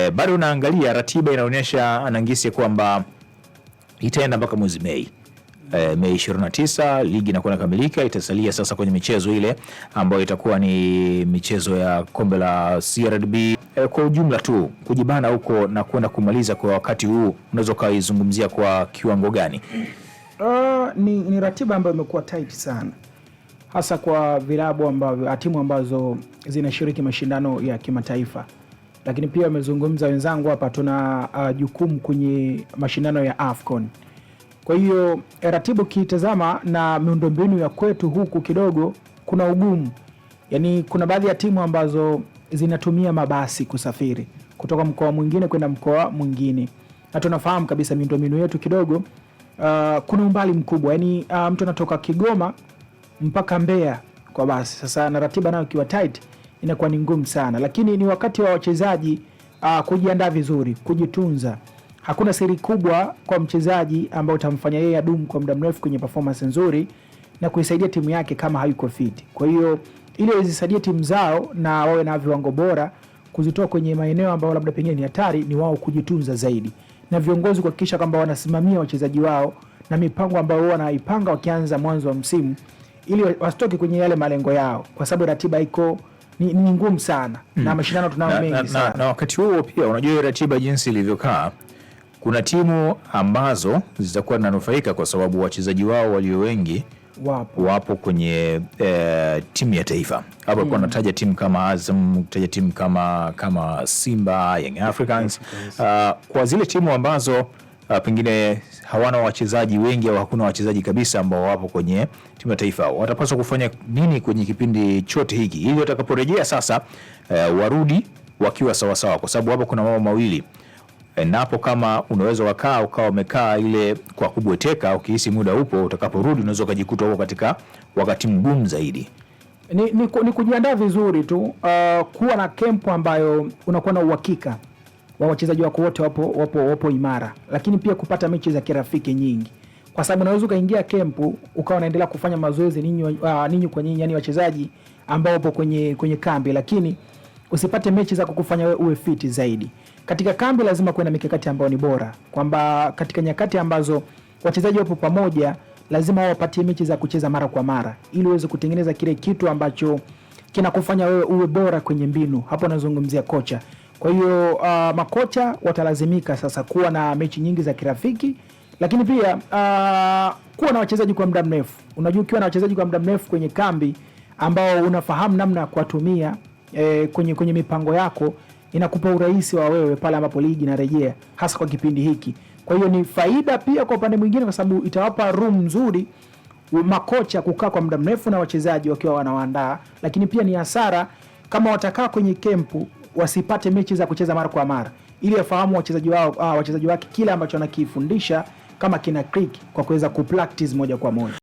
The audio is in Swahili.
E, bado unaangalia ratiba inaonyesha anangisi kwamba itaenda mpaka mwezi Mei. E, Mei 29 ligi inakuwa inakamilika, itasalia sasa kwenye michezo ile ambayo itakuwa ni michezo ya kombe la CRDB. E, eh, kwa ujumla tu kujibana huko na kwenda kumaliza kwa wakati huu unaweza ukaizungumzia kwa kiwango gani? Uh, ni, ni ratiba ambayo imekuwa tight sana hasa kwa vilabu ambavyo timu ambazo zinashiriki mashindano ya kimataifa lakini pia wamezungumza wenzangu hapa, tuna uh, jukumu kwenye mashindano ya AFCON. Kwa hiyo eh, ratibu kitazama na miundombinu ya kwetu huku kidogo kuna ugumu, yaani kuna baadhi ya timu ambazo zinatumia mabasi kusafiri kutoka mkoa mwingine kwenda mkoa mwingine, na tunafahamu kabisa miundombinu yetu kidogo uh, kuna umbali mkubwa, yaani uh, mtu anatoka Kigoma mpaka Mbeya kwa basi. Sasa na ratiba nayo ikiwa tight inakuwa ni ngumu sana, lakini ni wakati wa wachezaji uh, kujiandaa vizuri, kujitunza. Hakuna siri kubwa kwa mchezaji ambao utamfanya yeye adumu kwa muda mrefu kwenye performance nzuri na kuisaidia timu yake kama hayuko fit. Kwa hiyo ili wazisaidie timu zao na wawe na viwango bora kuzitoa kwenye maeneo ambayo labda pengine ni hatari, ni wao kujitunza zaidi, na viongozi kuhakikisha kwamba wanasimamia wachezaji wao na mipango ambayo wanaipanga wakianza mwanzo wa msimu, ili wasitoke kwenye yale malengo yao, kwa sababu ratiba iko ni, ni ngumu sana mm. na hmm. mashindano tunayo mengi na, sana na, na wakati huo pia unajua hiyo ratiba jinsi ilivyokaa kuna timu ambazo zitakuwa zinanufaika kwa sababu wachezaji wao walio wengi wapo, wapo kwenye e, timu ya taifa hapo mm. nataja timu kama Azam, taja timu kama kama Simba, Young Africans uh, kwa zile timu ambazo uh, pengine hawana wachezaji wengi au hakuna wachezaji kabisa ambao wapo kwenye timu ya taifa, watapaswa kufanya nini kwenye kipindi chote hiki ili watakaporejea sasa, uh, warudi wakiwa sawasawa, kwa sababu hapo kuna mambo mawili napo kama unaweza wakaa ukawa umekaa ile kwa kubweteka, ukihisi muda upo, utakaporudi unaweza ukajikuta huko katika wakati mgumu zaidi. Ni, ni, ni kujiandaa vizuri tu uh, kuwa na kempu ambayo unakuwa na uhakika wa wachezaji wako wote wapo, wapo, wapo imara, lakini pia kupata mechi za kirafiki nyingi, kwa sababu unaweza ukaingia kempu ukawa unaendelea kufanya mazoezi ninyi uh, ninyi kwa ninyi, yani wachezaji ambao wapo kwenye, kwenye kambi, lakini usipate mechi za kukufanya uwe fiti zaidi. Katika kambi lazima kuwe na mikakati ambayo ni bora, kwamba katika nyakati ambazo wachezaji wapo pamoja lazima wao wapatie mechi za kucheza mara kwa mara ili uweze kutengeneza kile kitu ambacho kinakufanya wewe uwe bora kwenye mbinu. Hapo nazungumzia kocha. Kwa hiyo uh, makocha watalazimika sasa kuwa na mechi nyingi za kirafiki, lakini pia uh, kuwa na wachezaji kwa muda mrefu. Unajua, ukiwa na wachezaji kwa muda mrefu kwenye kambi ambao unafahamu namna ya kuwatumia eh, kwenye, kwenye mipango yako inakupa urahisi wa wewe pale ambapo ligi inarejea, hasa kwa kipindi hiki. Kwa hiyo ni faida pia kwa upande mwingine, kwa sababu itawapa room nzuri makocha kukaa kwa muda mrefu na wachezaji wakiwa wanawaandaa, lakini pia ni hasara kama watakaa kwenye kempu wasipate mechi za kucheza mara kwa mara, ili afahamu wachezaji wao ah, wachezaji wake kile ambacho anakifundisha kama kina click kwa kuweza kupractice moja kwa moja.